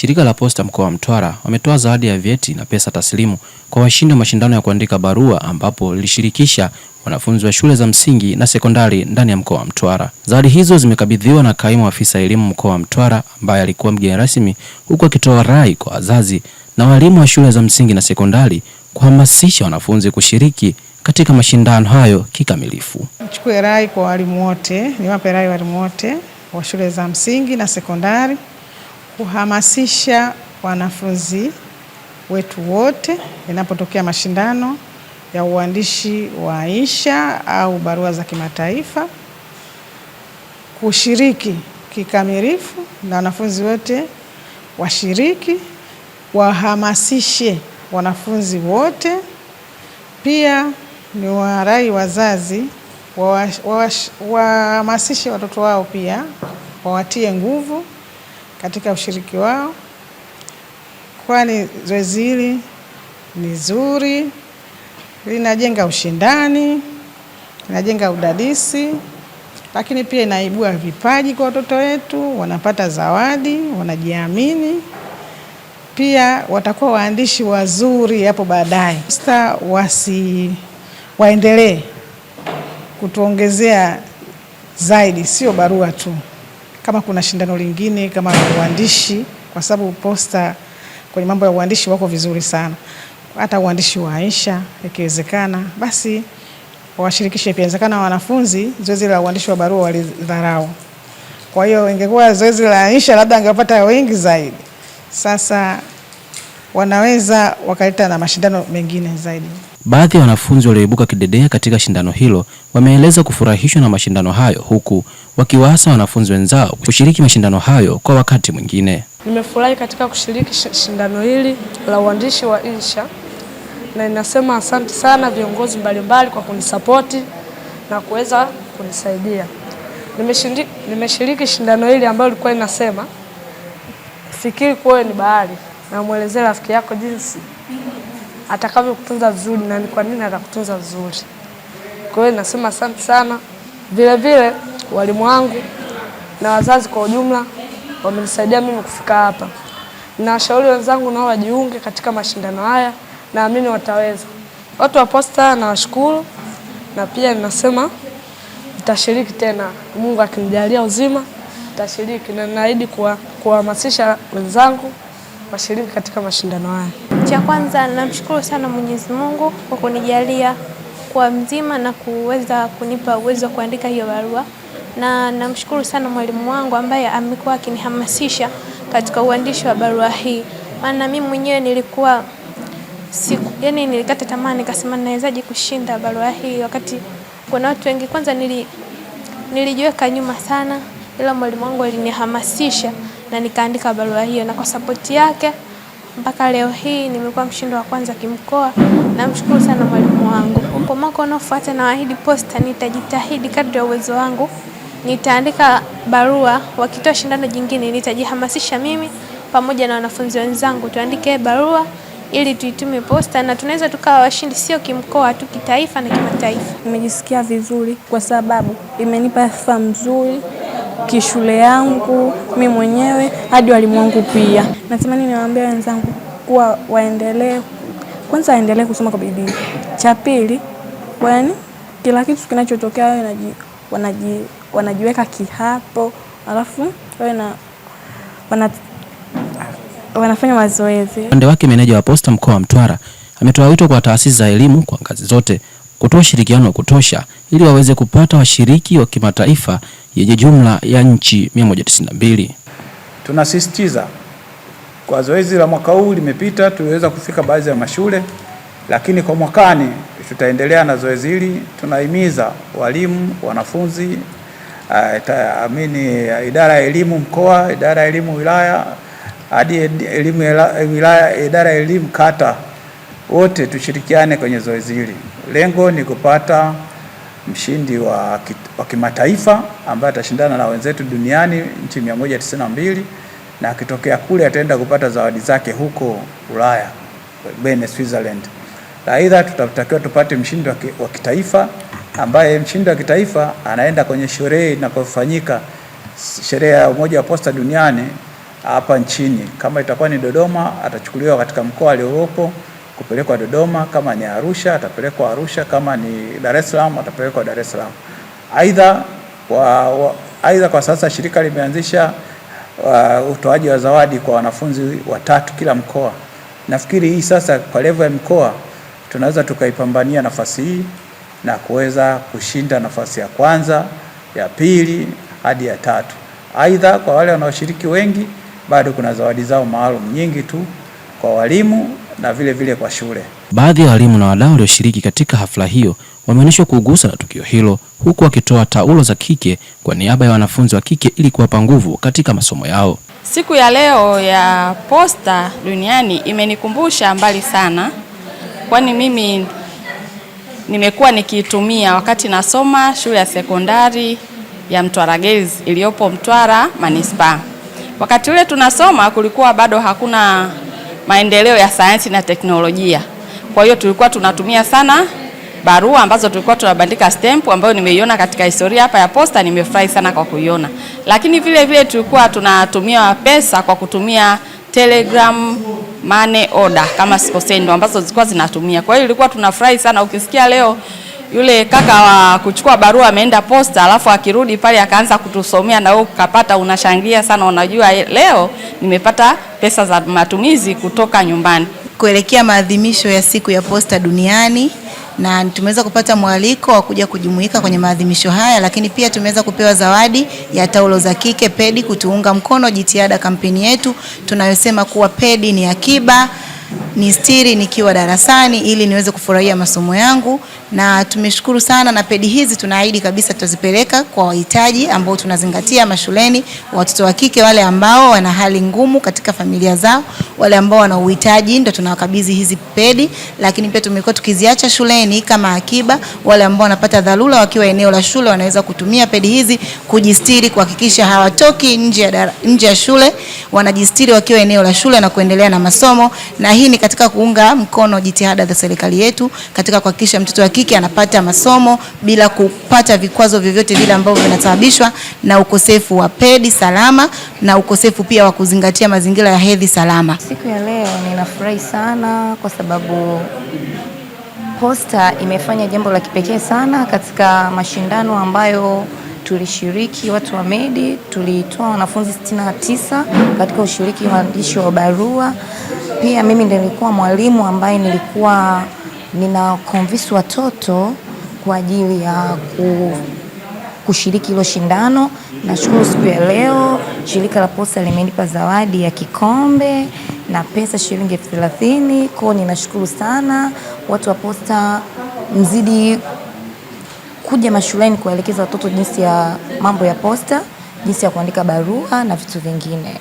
Shirika la Posta mkoa wa Mtwara wametoa zawadi ya vyeti na pesa taslimu kwa washindi wa mashindano ya kuandika barua ambapo lilishirikisha wanafunzi wa shule za msingi na sekondari ndani ya mkoa wa Mtwara. Zawadi hizo zimekabidhiwa na kaimu afisa elimu mkoa wa Mtwara ambaye alikuwa mgeni rasmi, huku akitoa rai kwa wazazi na walimu wa shule za msingi na sekondari kuhamasisha wanafunzi kushiriki katika mashindano hayo kikamilifu. Nichukue rai kwa walimu wote, niwape rai walimu wote wa shule za msingi na sekondari kuhamasisha wanafunzi wetu wote inapotokea mashindano ya uandishi wa insha au barua za kimataifa kushiriki kikamilifu, na wanafunzi wote washiriki, wahamasishe wanafunzi wote. Pia ni warai wazazi wa, wa, wahamasishe watoto wao, pia wawatie nguvu katika ushiriki wao, kwani zoezi hili ni zuri, linajenga ushindani, linajenga udadisi, lakini pia inaibua vipaji kwa watoto wetu, wanapata zawadi, wanajiamini pia watakuwa waandishi wazuri hapo baadaye. Sta wasi waendelee kutuongezea zaidi, sio barua tu kama kuna shindano lingine kama uandishi, kwa sababu Posta kwenye mambo ya uandishi wako vizuri sana, hata uandishi wa Aisha ikiwezekana, basi washirikishe pia. Inawezekana wanafunzi zoezi la uandishi wa barua walidharau, kwa hiyo ingekuwa zoezi la Aisha labda angepata wengi zaidi. Sasa wanaweza wakaleta na mashindano mengine zaidi. Baadhi ya wanafunzi walioibuka kidedea katika shindano hilo wameeleza kufurahishwa na mashindano hayo huku wakiwaasa wanafunzi wenzao kushiriki mashindano hayo kwa wakati mwingine. Nimefurahi katika kushiriki shindano hili la uandishi wa insha na ninasema asante sana viongozi mbalimbali kwa kunisapoti na kuweza kunisaidia. Nimeshiriki shindano hili ambalo ilikuwa linasema fikiri kuowe ni bahari na rafiki yako jinsi atakavyokutunza vizuri na ni kwa nini atakutunza vizuri. Kwa hiyo nasema asante sana. Vile vile walimu wangu na wazazi kwa ujumla wamenisaidia mimi kufika hapa, na wenzangu nao wajiunge katika mashindano haya, naamini wataweza. Watu wa Posta nawashukuru, na pia ninasema nitashiriki tena, Mungu akinijalia uzima nitashiriki, na ninaahidi kuwahamasisha wenzangu washiriki katika mashindano haya. Cha kwanza, namshukuru sana Mwenyezi Mungu kwa kunijalia kuwa mzima na kuweza kunipa uwezo wa kuandika hiyo barua, na namshukuru sana mwalimu wangu ambaye amekuwa akinihamasisha katika uandishi wa barua hii, maana mimi mwenyewe nilikuwa siku, yani nilikata tamaa nikasema nawezaje kushinda barua hii wakati kuna watu wengi. Kwanza nili, nilijiweka nyuma sana, ila mwalimu wangu alinihamasisha na nikaandika barua hiyo, na kwa sapoti yake mpaka leo hii nimekuwa mshindi wa kwanza kimkoa. Namshukuru sana mwalimu wangu. Kwa mwaka unaofuata, nawaahidi Posta nitajitahidi kadri ya uwezo wangu, nitaandika barua. Wakitoa shindano jingine, nitajihamasisha mimi pamoja na wanafunzi wenzangu tuandike barua ili tuitume Posta na tunaweza tukawa washindi, sio kimkoa tu, kitaifa na kimataifa. Nimejisikia vizuri kwa sababu imenipa fursa nzuri kishule yangu mi mwenyewe hadi walimu wangu pia. Natamani niwaambie wenzangu kuwa waendelee kwanza, waendelee kusoma kwa bidii. Cha pili, kwani kila kitu kinachotokea wao wanaji, wanajiweka kihapo, alafu wao na wana, wanafanya mazoezi. Upande wake meneja wa Posta mkoa wa Mtwara ametoa wito kwa taasisi za elimu kwa ngazi zote kutoa ushirikiano wa kutosha ili waweze kupata washiriki wa kimataifa yenye jumla ya nchi 192. Tunasisitiza kwa zoezi la mwaka huu limepita, tuliweza kufika baadhi ya mashule, lakini kwa mwakani tutaendelea na zoezi hili. Tunahimiza walimu, wanafunzi, uh, uh, idara ya elimu mkoa, idara ya elimu wilaya hadi elimu wilaya, idara ya elimu kata, wote tushirikiane kwenye zoezi hili. Lengo ni kupata mshindi wa, wa kimataifa ambaye atashindana na wenzetu duniani nchi 192 na akitokea kule ataenda kupata zawadi zake huko Ulaya Bene Switzerland. Aidha, tutatakiwa tupate mshindi wa kitaifa ambaye mshindi wa kitaifa anaenda kwenye sherehe inakofanyika sherehe ya Umoja wa Posta Duniani hapa nchini. Kama itakuwa ni Dodoma, atachukuliwa katika mkoa aliopo kupelekwa Dodoma, kama ni Arusha atapelekwa Arusha, kama ni Dar es Salaam atapelekwa Dar es Salaam. Aidha kwa, aidha kwa sasa shirika limeanzisha uh, utoaji wa zawadi kwa wanafunzi watatu kila mkoa. Nafikiri hii sasa kwa level ya mkoa tunaweza tukaipambania nafasi hii na kuweza kushinda nafasi ya kwanza, ya pili hadi ya tatu. Aidha kwa wale wanaoshiriki wengi bado kuna zawadi zao maalum nyingi tu kwa walimu na vile vile kwa shule. Baadhi ya walimu na wadau walioshiriki katika hafla hiyo wameonyeshwa kugusa na tukio hilo huku wakitoa taulo za kike kwa niaba ya wanafunzi wa kike ili kuwapa nguvu katika masomo yao. Siku ya leo ya posta duniani imenikumbusha mbali sana, kwani mimi nimekuwa nikiitumia wakati nasoma shule ya sekondari ya Girls iliyopo Mtwara Manispaa. Wakati ule tunasoma kulikuwa bado hakuna maendeleo ya sayansi na teknolojia. Kwa hiyo tulikuwa tunatumia sana barua ambazo tulikuwa tunabandika stamp ambayo nimeiona katika historia hapa ya posta, nimefurahi sana kwa kuiona. Lakini vile vile tulikuwa tunatumia pesa kwa kutumia telegram money order kama sikosendo ambazo zilikuwa zinatumia. Kwa hiyo ilikuwa tunafurahi sana ukisikia leo yule kaka wa kuchukua barua ameenda posta, alafu akirudi pale akaanza kutusomea, na wewe ukapata, unashangilia sana, unajua leo nimepata pesa za matumizi kutoka nyumbani. Kuelekea maadhimisho ya siku ya posta duniani na tumeweza kupata mwaliko wa kuja kujumuika kwenye maadhimisho haya, lakini pia tumeweza kupewa zawadi ya taulo za kike pedi kutuunga mkono jitihada kampeni yetu tunayosema kuwa pedi ni akiba nistiri nikiwa darasani ili niweze kufurahia masomo yangu, na tumeshukuru sana. Na pedi hizi tunaahidi kabisa tutazipeleka kwa wahitaji ambao tunazingatia mashuleni, watoto wa kike wale ambao wana hali ngumu katika familia zao, wale ambao wana uhitaji ndio tunawakabidhi hizi pedi. Lakini pia tumekuwa tukiziacha shuleni kama akiba, wale ambao wanapata dharura wakiwa eneo la shule wanaweza kutumia pedi hizi kujistiri, kuhakikisha hawatoki nje ya nje ya shule, wanajistiri wakiwa eneo la shule na kuendelea na masomo, na hii ni katika kuunga mkono jitihada za serikali yetu katika kuhakikisha mtoto wa kike anapata masomo bila kupata vikwazo vyovyote vile ambavyo vinasababishwa na ukosefu wa pedi salama na ukosefu pia wa kuzingatia mazingira ya hedhi salama. Siku ya leo ninafurahi sana kwa sababu Posta imefanya jambo la kipekee sana katika mashindano ambayo tulishiriki watu wa Medi, tulitoa wanafunzi 69 katika ushiriki waandishi wa barua pia mimi nilikuwa mwalimu ambaye nilikuwa nina convince watoto kwa ajili ya ku, kushiriki hilo shindano. Nashukuru siku ya leo shirika la posta limenipa zawadi ya kikombe na pesa shilingi elfu thelathini. Kwao ninashukuru sana watu wa posta, mzidi kuja mashuleni kuwaelekeza watoto jinsi ya mambo ya posta, jinsi ya kuandika barua na vitu vingine.